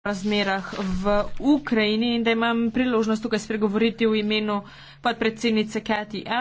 razmerah v Ukrajini in da imam priložnost tukaj spregovoriti v imenu podpredsednice Kati.